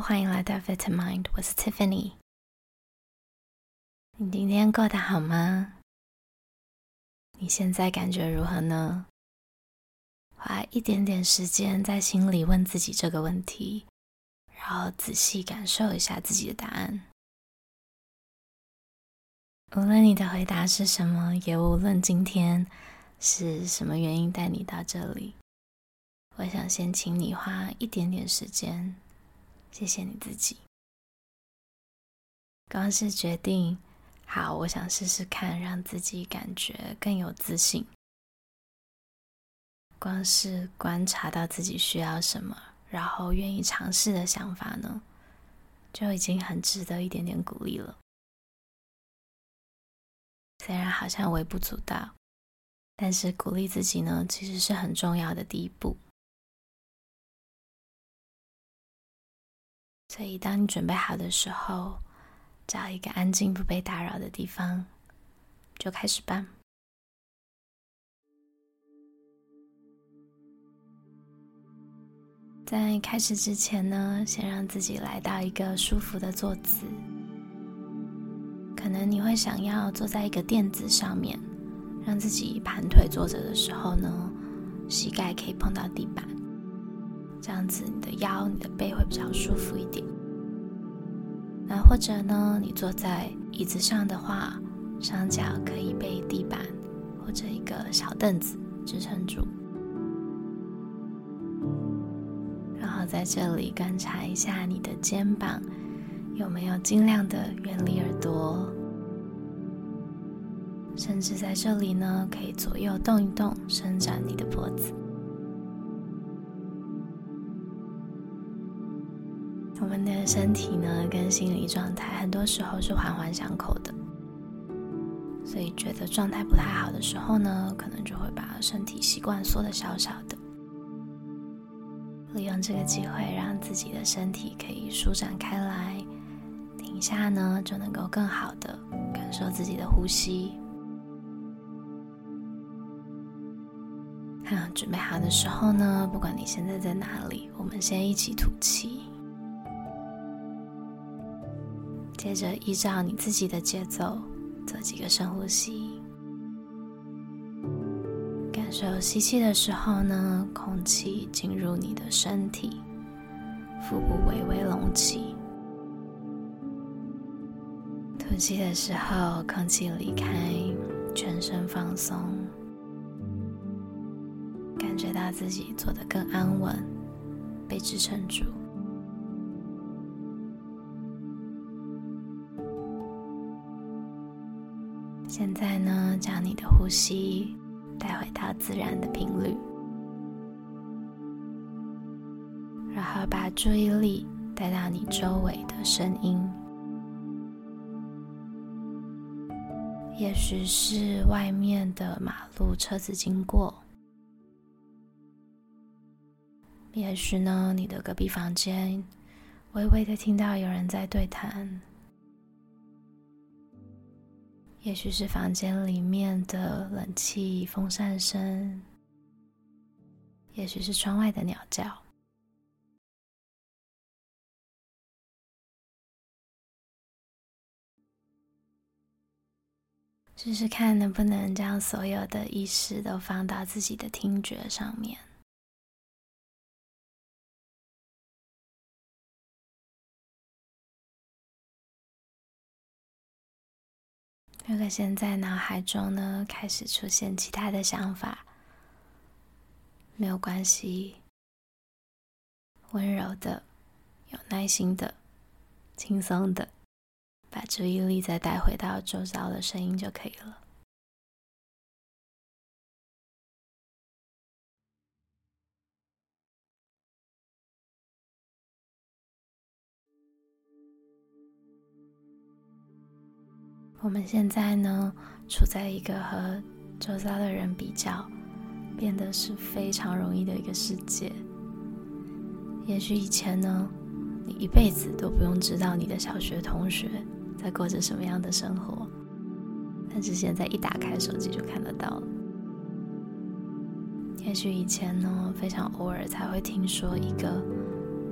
歡迎來到 Vitamind，我是 Tiffany。你今天過得好嗎？你現在感覺如何呢？花一點點時間在心裡問自己這個問題，然後仔細感受一下自己的答案。無論你的回答是什麼，也無論今天是什麼原因帶你到這裡，我想先請你花一點點時間。謝謝你自己。光是決定，好，我想試試看，讓自己感覺更有自信。光是觀察到自己需要什麼，然後願意嘗試的想法呢，就已經很值得一點點鼓勵了。雖然好像微不足道，但是鼓勵自己呢，其實是很重要的第一步。所以，當你準備好的時候，找一個安靜不被打擾的地方，就開始吧。在開始之前呢，先讓自己來到一個舒服的坐姿。可能你會想要坐在一個墊子上面，讓自己盤腿坐着的時候呢，膝蓋可以碰到地板。這樣子，你的腰、你的背會比較舒服一點。那或者呢，你坐在椅子上的話，雙腳可以被地板或者一個小凳子支撐住。然後在這裡觀察一下你的肩膀有沒有盡量的遠離耳朵，甚至在這裡呢，可以左右動一動，伸展你的脖子。我們的身體呢，跟心理狀態很多時候是環環相扣的，所以覺得狀態不太好的時候呢，可能就會把身體習慣縮得小小的。利用這個機會，讓自己的身體可以舒展開來。等一下呢，就能夠更好的感受自己的呼吸。好，準備好的時候呢，不管你現在在哪裡，我們先一起吐氣。接着依照你自己的節奏做幾個深呼吸，感受吸氣的時候呢，空氣進入你的身體，腹部微微隆起；吐氣的時候，空氣離開，全身放鬆，感覺到自己坐得更安穩，被支撐住。現在呢，將你的呼吸帶回到自然的頻率，然後把注意力帶到你周圍的聲音，也許是外面的馬路車子經過，也許呢，你的隔壁房間微微的聽到有人在對談。也許是房間裡面的冷氣風扇聲，也許是窗外的鳥叫，試試看能不能將所有的意識都放到自己的聽覺上面。如果現在腦海中呢，開始出現其他的想法，沒有關係，溫柔的、有耐心的、輕鬆的，把注意力再帶回到周遭的聲音就可以了。我們現在呢，處在一個和周遭的人比較，變得是非常容易的一個世界。也許以前呢，你一輩子都不用知道你的小學同學在過着什麼樣的生活，但是現在一打開手機就看得到了。也許以前呢，非常偶爾才會聽說一個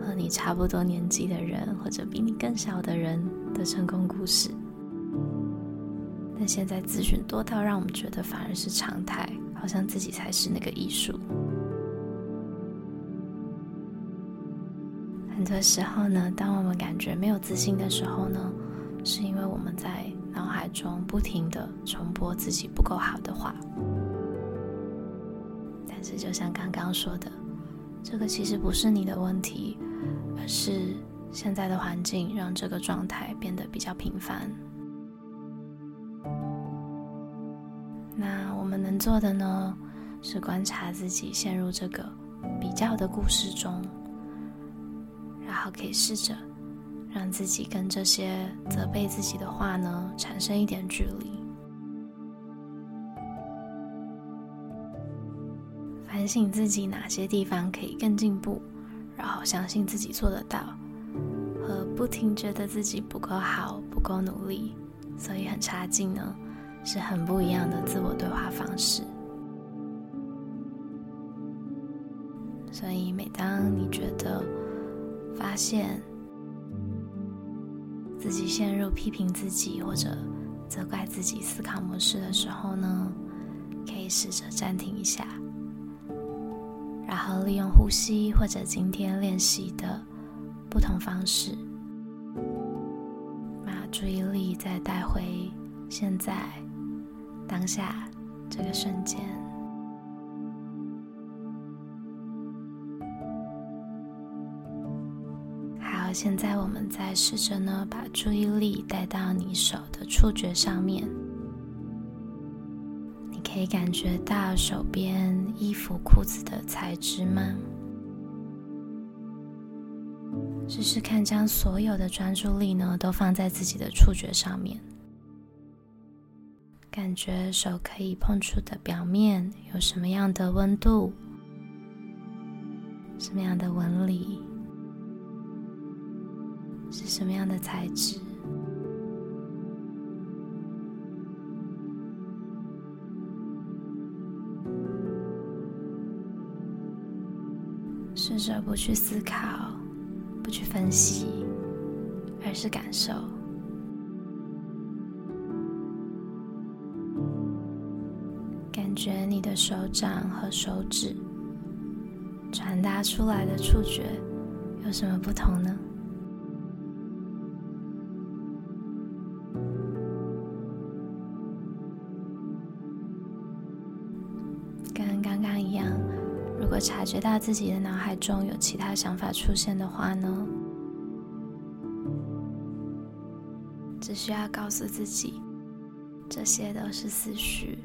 和你差不多年紀的人，或者比你更小的人的成功故事。但現在資訊多到讓我們覺得反而是常態，好像自己才是那個異數。很多時候呢，當我們感覺沒有自信的時候呢，是因為我們在腦海中不停地重播自己不夠好的話。但是就像剛剛說的，這個其實不是你的問題，而是現在的環境讓這個狀態變得比較頻繁。能做的呢，是觀察自己陷入這個比較的故事中，然後可以試着讓自己跟這些責備自己的話呢產生一點距離，反省自己哪些地方可以更進步，然後相信自己做得到，和不停覺得自己不夠好、不夠努力，所以很差勁呢，是很不一樣的自我。是，所以每當你覺得發現自己陷入批評自己或者責怪自己思考模式的時候呢，可以試着暫停一下，然後利用呼吸或者今天練習的不同方式，把注意力再帶回現在，當下。這個瞬間，好，現在我們再試着呢，把注意力帶到你手的觸覺上面。你可以感覺到手邊衣服、褲子的材質嗎？試試看，將所有的專注力呢，都放在自己的觸覺上面。感覺手可以碰觸的表面有什麼樣的溫度？什麼樣的紋理？是什麼樣的材質？試着不去思考，不去分析，而是感受。你的手掌和手指傳達出來的觸覺有什麼不同呢？跟剛剛一樣，如果察覺到自己的腦海中有其他想法出現的話呢，只需要告訴自己，這些都是思緒。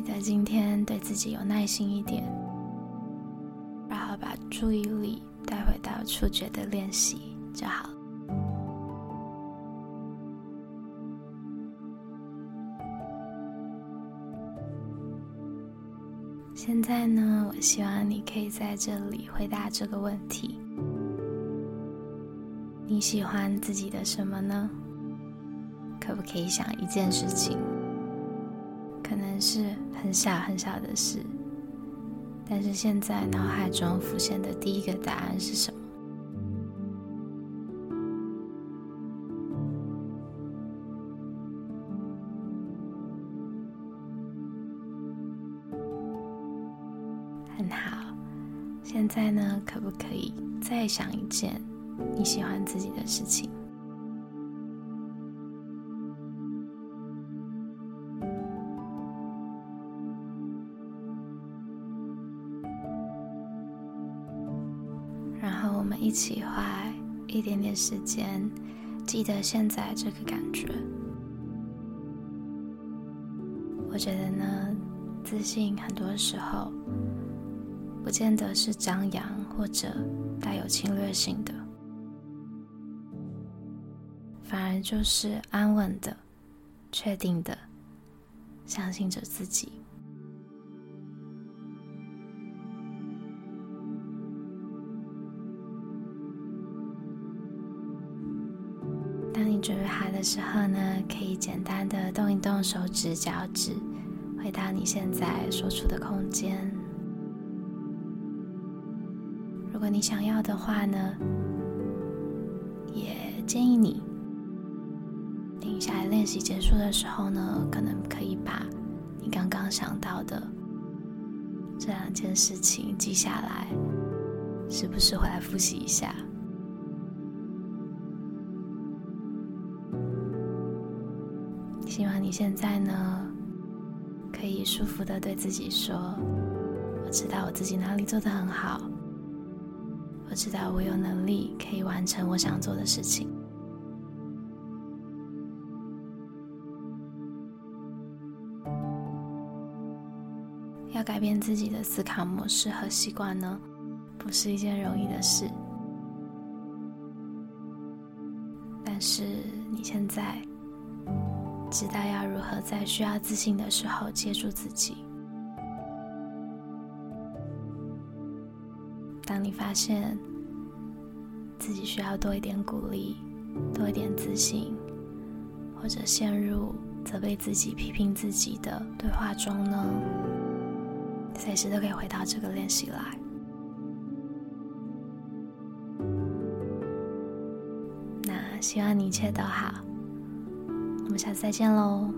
記得今天對自己有耐心一點，然後把注意力帶回到觸覺的練習就好了。現在呢，我希望你可以在這裡回答這個問題：你喜歡自己的什麼呢？可不可以想一件事情？可能是很小很小的事，但是現在腦海中浮現的第一個答案是什麼？很好，現在呢，可不可以再想一件你喜歡自己的事情？我們一起花一點點時間，記得現在這個感覺。我覺得呢，自信很多時候不見得是張揚或者帶有侵略性的，反而就是安穩的、確定的，相信着自己。準備好的時候呢，可以簡單的動一動手指、腳趾，回到你現在所處的空間。如果你想要的話呢，也建議你，停下來練習結束的時候呢，可能可以把你剛剛想到的這兩件事情記下來，時不時回來復習一下。希望你現在呢，可以舒服的對自己說：“我知道我自己哪裡做的很好，我知道我有能力可以完成我想做的事情。”要改變自己的思考模式和習慣呢，不是一件容易的事。但是，你現在。知道要如何在需要自信的時候接住自己。當你發現自己需要多一點鼓勵、多一點自信，或者陷入責備自己、批評自己的對話中呢，隨時都可以回到這個練習來。那希望你一切都好。下次再見嘍。